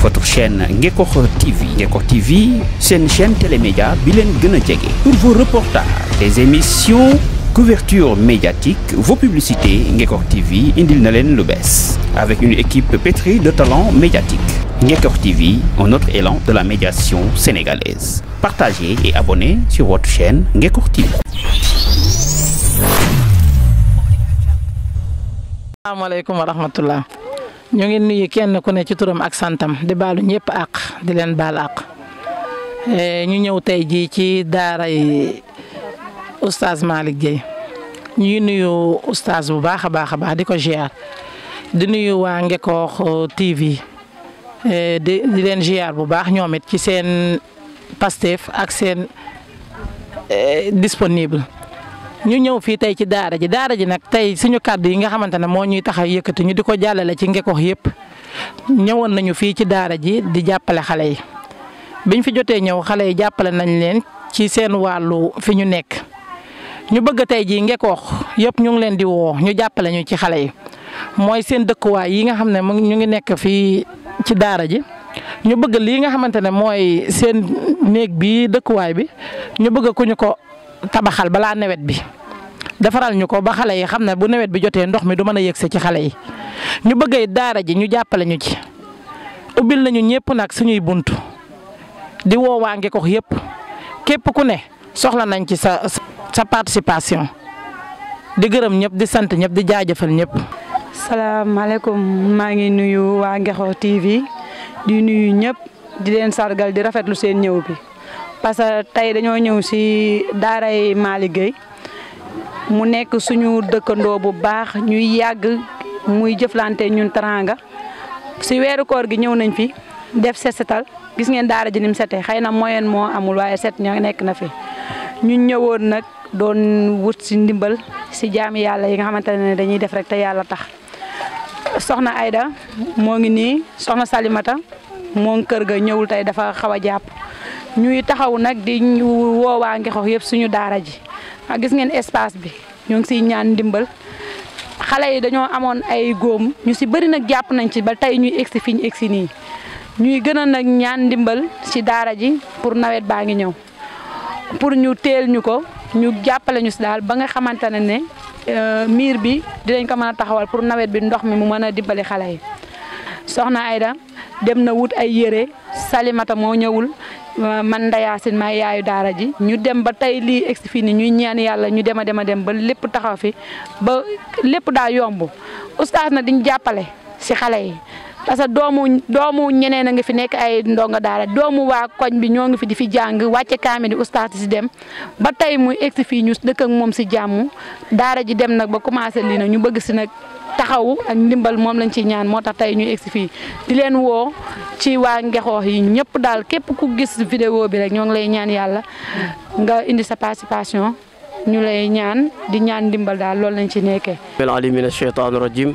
votre chaîne Ngekokh TV Ngeko TV une chaîne télémédia bi leen pour vos reportages des émissions couverture médiatique vos publicités Ngekokh TV indil Nalen Lubes. avec une équipe pétrie de talents médiatiques Ngekokh TV un autre élan de la médiation sénégalaise partagez et abonnez sur votre chaîne Ngekor TV wa rahmatullah ñu ngi nuyu kenn ku ne ci turam ak santam di baalu ñëpp àq di leen baal àq eh, ñu ñëw tey jii ci daaray oustaz Malick Guèye ñu ngi nuyu oustaz bu baax a baax a baax di ko ziar di nuyu waa Ngekoox eh, TV eh, di di leen ziar bu baax ñoom it ci seen Pastef ak seen disponible. ñu ñëw fii tey ci daara ji daara ji nag tey suñu kàddu yi nga xamante ne moo ñuy tax a yëkkati ñu di ko jàllale ci ngekox yëpp ñëwoon nañu fii ci daara ji di jàppale xale yi biñ fi jotee ñëw xale yi jàppale nañ leen ci seen wàllu fi ñu nekk ñu bëgg tey jii ngekoox yëpp ñu ngi leen di woo ñu jàppale ci xale yi mooy seen dëkkuwaay yi nga xam ne ñu ngi nekk fii ci daara ji ñu bëgg lii nga xamante ne mooy seen néeg bi dëkkuwaay bi ñu bëgg ku ñu ko tabaxal balaa nawet bi defaral ñu ko ba xale yi xam na bu nawet bi jotee ndox mi du mën a yëgse ci xale yi ñu bëgg daara ji ñu jàppale ñu ci ubbil nañu ñëpp nag suñuy bunt di woowaa ngi ko yëpp képp ku ne soxla nañ ci sa sa participation di gërëm ñëpp di sant ñëpp di jaajëfal ñëpp. salaamaaleykum maa ngi nuyu waa Ngexo TV di nuyu ñëpp di leen sargal di rafetlu seen ñëw bi. parce que tey dañoo ñëw si daaray Mali Gueye mu nekk suñu dëkkandoo bu baax ñuy yàgg muy jëflante ñun taranga si weeru koor gi ñëw nañ fi def set setal gis ngeen daara ji ni mu setee xëy na moyen moo amul waaye set ñoo nekk na fi ñun ñëwoon nag doon wut si ndimbal si jaam yàlla yi nga xamante ne dañuy def rek te yàlla tax soxna ayda moo ngi nii soxna Salimata moo ngi kër ga ñëwul tey dafa xaw a jàpp ñuy taxaw nag di ñu woowaa Ngexox yëpp suñu daara ji ah, gis ngeen espace bi ñu ngi siy ñaan ndimbal xale yi dañoo amoon ay góom ñu si bëri na jàpp nañ ci ba tey ñuy egsi fi ñu egsi nii ñuy gën a nag ñaan ndimbal si daara ji pour nawet baa ngi ñëw pour ñu teel ñu ko ñu jàppale ñu si daal ba nga xamante ne ne euh, miir bi dinañ ko mën a taxawal pour nawet bi ndox mi mu mën a dimbali xale yi soxna Aida dem na wut ay yére Salimata moo ñëwul Euh, man Ndeye Yacine yaayu daara ji ñu dem ba tey lii egsi fii ni ñuy ñaan yàlla ñu dem a dem a dem ba lépp taxaw fi ba lépp daa yomb oustaz na diñ jàppale si xale yi. parce que doomu doomu ñeneen a ngi fi nekk ay ndongo daara doomu waa koñ bi ñoo ngi fi di fi jàng wàcce kaame di ustaas si dem ba tey muy egsi fii ñu dëkk moom si jàmm daara ji dem nag ba commencé lii nag ñu bëgg si nag taxawu ak ndimbal moom lañ ci ñaan moo tax tey ñu egsi fii di leen woo ci waa ngexoox yi ñëpp daal képp ku gis vidéo bi rek ñoo ngi lay ñaan yàlla nga indi sa participation ñu lay ñaan di ñaan ndimbal daal loolu lañ ci nekkee alali min asheytaan rajim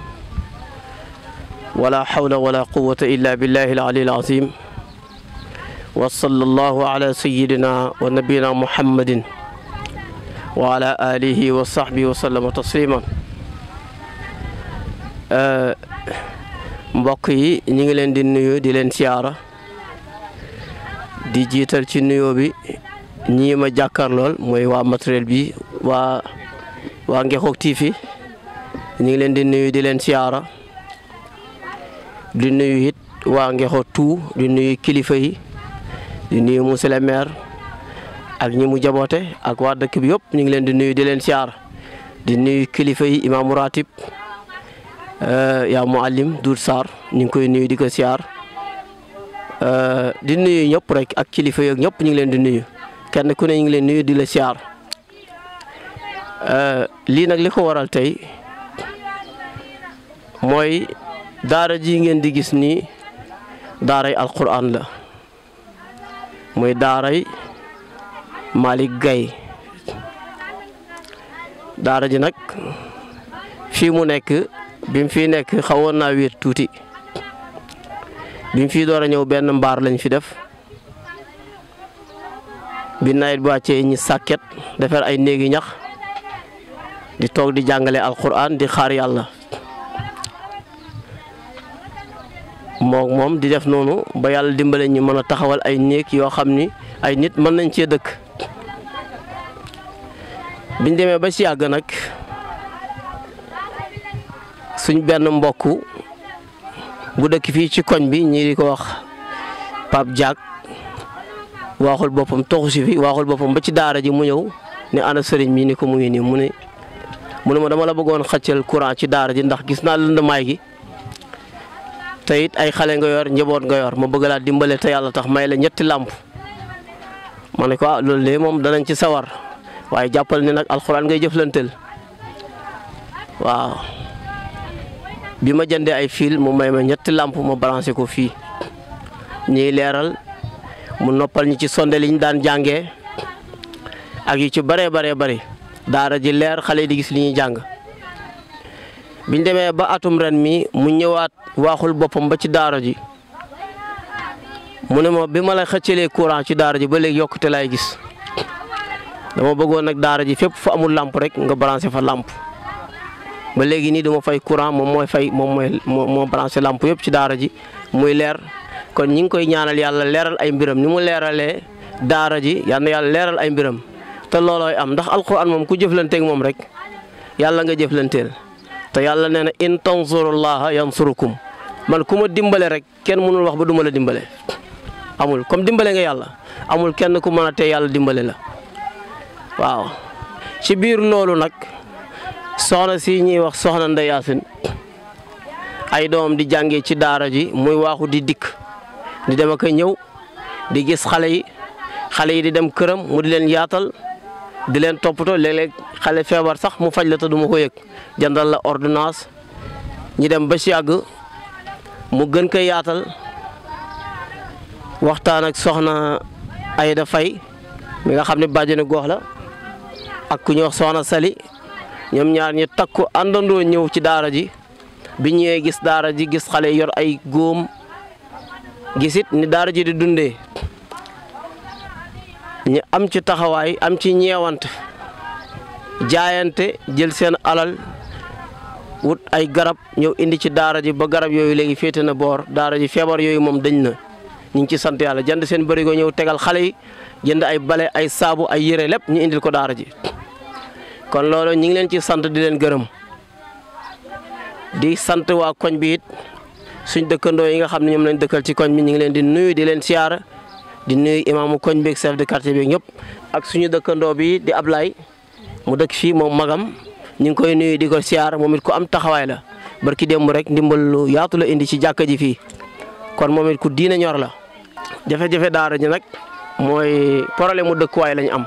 wala hawla wala quwata illa billahi alali alazim wa sallallahu ala sayidina wa nabiyina muhammadin wa ala alihi wa sahbihi wa sallama taslima Euh, mbokk yi ñu ngi leen di nuyu di leen siyaara di jiital ci nuyoo bi ñii ma jàkkaar lool mooy waa matériel bi waa waa Ngexoog TV ñu ngi leen di nuyu di leen siyaara di nuyu it waa Ngexoog tuu di nuyu kilifa yi di nuyu monsieur ak ñi mu jaboote ak waa dëkk bi yëpp ñu ngi leen di nuyu di leen siyaara di nuyu kilifa yi imaamu ratib Euh, yaa muallim Dour Sarr ñu ngi koy nuyu di ko siyaar euh, di nuyu ñëpp rekk ak kilifa yeeg ñëpp ñu ngi leen di nuyu kenn ku ne ñu ngi leen nuyu di la siyaar euh, lii nag li ko waral tey mooy daara ji ngeen di gis nii daaray alquran la mooy daaray Malick Gaye daara ji nag fii mu nekk. bi mu fiy nekk xawoon naa wéet tuuti bi mu fiy door a ñëw benn mbaar lañ fi def bi nawet bi wàccee ñi sàkket defar ay néegi ñax di toog di jàngale alquran di xaar yàlla moom moom di def noonu ba yàlla dimbale ñi mën a taxawal ay néeg yoo xam ni ay nit mën nañ cee dëkk biñ demee ba si yàgg nag suñu benn mbokk bu dëkk fii ci koñ bi ñi di ko wax pap Diak waxul boppam toxu si fi waxul boppam ba ci daara ji mu ñëw ne ana sëriñ mi ni ko mu ngi nii mu ne mu ne ma dama la bëggoon xàcceel courant ci daara ji ndax gis naa may gi te it ay xale nga yor njaboot nga yor ma bëgg laa dimbale te yàlla tax may la ñetti lamp ma ne ko ah loolu de moom danañ ci sawar waaye jàppal ne nag alxuraan ngay jëflanteel waaw bi ma jëndee ay fil mu may ma ñetti làmp ma balancé ko fii ñuy leeral mu noppal ñi ci sondeel liñ daan jànge ak yu ci bëree bëree bëri daara ji leer xale di gis li ñuy jàng ñu demee ba atum ren mi mu ñëwaat waaxul boppam ba ci daara ji mu ne ma bi ma la xëccalee courant ci daara ji ba léegi yokkute laay gis dama bëggoon nag daara ji fépp fu amul làmp rek nga balancé fa làmp ba léegi nii duma fay courant moom mooy fay moom mooy moo branché lamp yëpp ci daara ji muy leer kon ñi ngi koy ñaanal yàlla leeral ay mbiram ni mu leeralee daara ji yal yàlla leeral ay mbiram te loolooy am ndax alquran moom ku jëflanteeg moom rek yàlla nga jëflanteel te yàlla nee na in tansurullaha yansurukum man ku ma dimbale rek kenn mënul wax ba du la dimbale amul comme dimbale nga yàlla amul kenn ku mën yàlla dimbale la waaw ci biir loolu nag soxna si ñuy wax soxna Ndeye ay doom di jàngee ci daara ji muy waaxu di dikk di dem ak a ñëw di gis xale yi xale yi di dem këram mu di leen yaatal di leen toppatoo léeg-léeg xale feebar sax mu faj la te du ma ko yëg jëndal la ordonnance ñi dem ba si yàgg mu gën ko yaatal waxtaan ak soxna Ayda fay mi nga xam ne bàjjenu gox la ak ku ñuy wax soxna Sali ñoom ñaar ñi takku àndandoo ñëw ci daara ji bi ñëwee gis daara ji gis xale yor ay góom gisit ni daara ji di dundee ñu am ci taxawaay am ci ñeewante jaayante jël seen alal wut ay garab ñëw indi ci daara ji ba garab yooyu léegi féete na boor daara ji feebar yooyu moom dañ na ñu ngi ci sant yàlla jënd seen bërigo ñëw tegal xale yi jënd ay bale ay saabu ay yére lépp ñu indil ko daara ji kon loolu ñu ngi leen ci sant di leen gërëm di sant waa koñ bi it suñ dëkkandoo yi nga xam ne ñoom lañ dëkkal ci koñ bi ñu ngi leen di nuyu di leen siyaar di nuyu imamu koñ bi ak chef de bi ñëpp ak suñu dëkkandoo bi di Ablaye mu dëkk fii moom magam ñu ngi koy nuyu di ko siyaar moom it ku am taxawaay la barki démb rek ndimbal lu yaatu la indi ci jàkka ji fii kon moom it ku diine ñor la jafe-jafe daara ji nag mooy problème mu dëkkuwaay lañ am.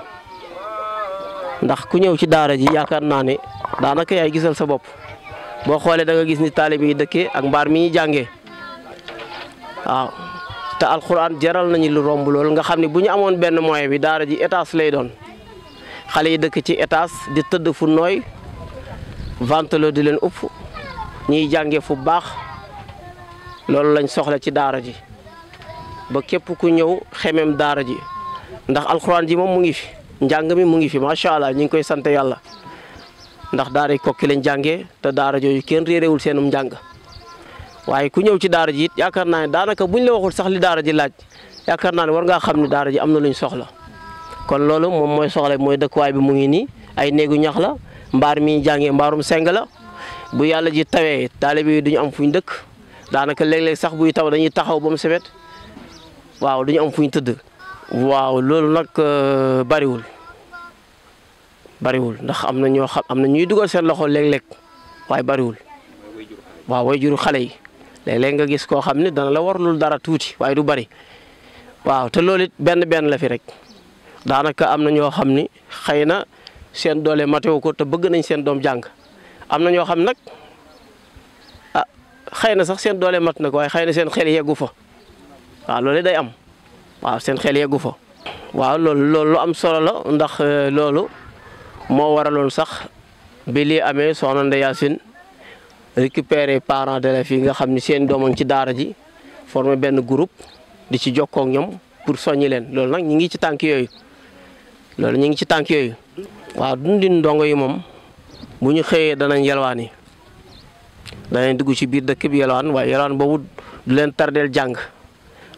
ndax ku ñëw ci daara ji yaakaar naa ne daanaka yaay gisal sa bopp boo xoolee da nga gis ni taalib yi dëkkee ak mbaar mi ñuy jànge waaw te alxuraan jaral nañu lu romb lool nga xam ne bu ñu amoon benn moyen bi daara ji étage lay doon xale yi dëkk ci étage di tëdd fu nooy ventilo di leen upp ñuy jànge fu baax loolu lañ soxla ci daara ji ba képp ku ñëw xemem daara ji ndax alxuraan ji moom mu ngi fi. njang mi mu ngi fi macha allah ñu koy sante yalla ndax daara ki lañ jangé te daara jooju kenn réeréwul senum njang waye ku ñew ci daara ji it yaakaar naa ne daanaka buñ la waxul sax li daara ji laaj yaakaar naa war nga xamni daara ji amna luñ soxla kon lolu mom moy soxla dekk way bi mu ngi ni ay neegu ñax la mbar mi jangé mbarum seng la bu yalla ji tawé taalibe yi duñu am fuñ dëkk daanaka léeg-léeg sax buy taw dañuy taxaw sebet waaw duñu am fuñ teud waaw loolu nag euh, bariwul bariwul ndax am na ñoo xam am na ñuy dugal seen loxo léeg lekk waaye bariwul waaw way juru xale yi léeg nga gis koo xam ne dana la warlul dara tuuti waaye du bari waaw te loolu benn benn la fi rek daanaka am na ñoo xam ni xëy na seen doole matewu ko te bëgg nañ seen doom jàng am na ñoo xam nag ah xëy na sax seen doole mat na ko waaye xëy na seen xel yeggu fa waaw loolu day am. waaw seen xel yeggu fo waaw lool loolu lu am solo la ndax euh, loolu moo waraloon sax bi lii amee soxna Ndeye Yacine parent de d'élèves fi nga xam ni seen doom ci daara ji former benn groupe di ci jokkoo ñoom pour soññi leen loolu nag ñu ngi ci tànk yooyu loolu ñu ngi ci tànk yooyu. waaw dundin ndongo yi moom bu ñu xëyee danañ yalwaan yi danañ dugg ci biir dëkk bi yalwaan waaye yalwaan boobu du leen tardeel jàng.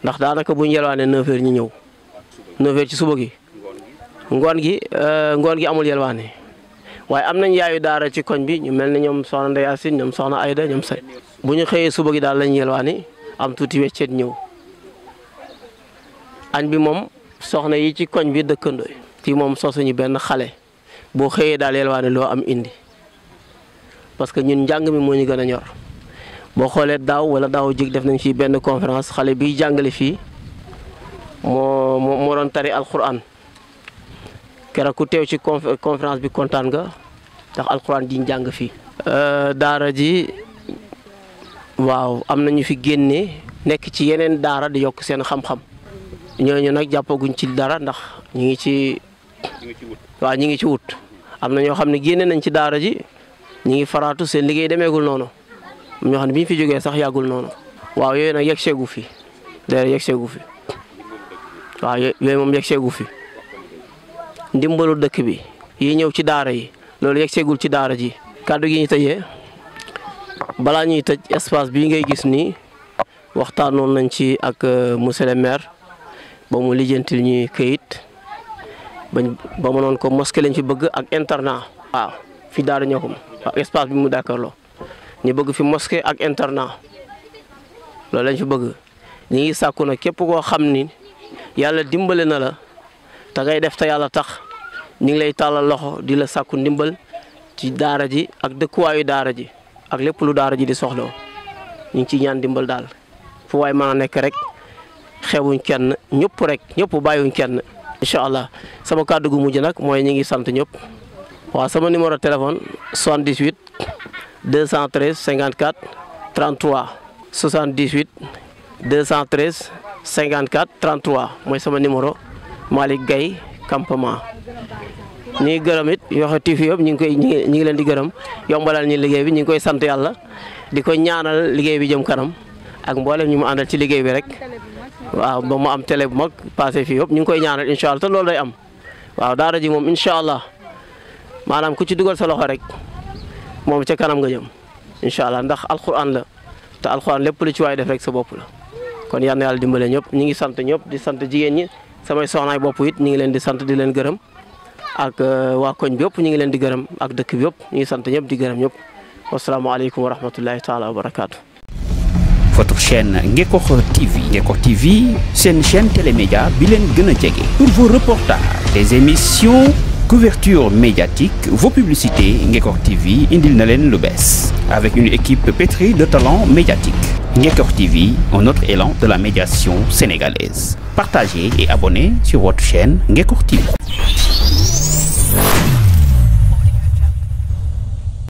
ndax daanaka bu ñu yelwaanee 9h ñu ñëw 9 ci suba gi ngoon gi euh, ngoon gi amul yelwaane waaye am nañ yaayu daara ci koñ bi ñu mel ne ñoom soxna Ndeye Asine ñoom soxna Ayda ñoom say bu ñu xëyee suba gi daal lañ yelwaani am tuuti wecceet ñëw añ bi moom soxna yi ci koñ bi dëkkandoo ci moom sosuñu benn xale boo xëyee daal yelwaane loo am indi parce que ñun njàng mi moo ñu gën a ñor. boo xoolee daaw wala daaw jig def nañ fii benn conférence xale biy jàngale fii moo moo doon tari alquran keroog ku teew ci conférence bi kontaan nga ndax alquran jiñ jàng fii. Euh, daara ji waaw am na ñu fi génne nekk ci yeneen daara di yokk seen xam-xam ñooñu nag jàppaguñ ci dara ndax ñu ngi ci. waaw ñu ngi ci wut am na ñoo xam ne génne nañ ci daara ji ñu ngi faraatu seen liggéey demeegul noonu. am ñoo xam ne bi ñu fi jógee sax yàggul noonu waaw yooyu nag yegg seegu fi dara yegg seegu fi waaw yooyu moom yegg seegu fi ndimbalu dëkk bi yi ñëw ci daara yi loolu yegg seegul ci daara ji kàddu gi ñu tëjee balaa ñuy tëj espace bi ngay gis nii waxtaanoon nañ ci ak euh, monsieur le maire ba mu lijjantil ñuy këyit bañ ba mënoon ko mosquée lañ fi bëgg ak internat. waaw fi daara ñoo ko espace bi mu dàkkarloo ñu bëgg fi mosquée ak internat loolu lañ fi bëgg ñu ngi sàkku na képp koo xam ni yàlla dimbale na la te ngay def te yàlla tax ñu ngi lay tàllal loxo di la sàkku ndimbal ci daara ji ak dëkkuwaayu daara ji ak lépp lu daara ji di soxla ñu ngi ciy ñaan dimbal daal fu waay mën a nekk rek xewuñ kenn ñëpp rek ñëpp bàyyiwuñ kenn incha allah sama kàddu gu mujj nag mooy ñi ngi sant ñëpp waaw sama numéro téléphone 78 213 54 33 78 213 54 33 mooy sama numéro malik gay, campement ñi gërëm it yoxe TV yëpp ñu ngi koy ñu ngi leen di gërëm yombalal ñu liggéey bi ñu ngi koy sant yàlla di ko ñaanal liggéey bi jëm kanam ak mboolem ñu mu àndal ci liggéey bi rek waaw ba mu am télé bu mag passé fii yëpp ñu koy ñaanal incha allah te loolu am waaw daara ji moom incha allah maanaam ku ci dugal sa loxo rek moom ca kanam nga jëm incha allah ndax alxuraan la te alxuraan lépp lu ci waay def rek sa bopp la kon yal na yàlla dimbale ñëpp ñu ngi sant ñëpp di sant jigéen ñi samay soxnaay bopp it ñu ngi leen di sant di leen gërëm ak euh, waa koñ bi yëpp ñu ngi leen di gërëm ak dëkk bi yëpp ñu ngi sant ñëpp di gërëm ñëpp wasalaamaaleykum wa rahmatullahi taala wa barakaatu. votre chaîne Ngeko TV. Ngeko TV, c'est une chaîne télémédia bi leen gën a jege. pour couverture médiatique vos publicités Ngekor TV indil Nalen Lubes, avec une équipe pétrie de talents médiatiques Ngekor TV un autre élan de la médiation sénégalaise partagez et abonnez sur votre chaîne Ngecor TV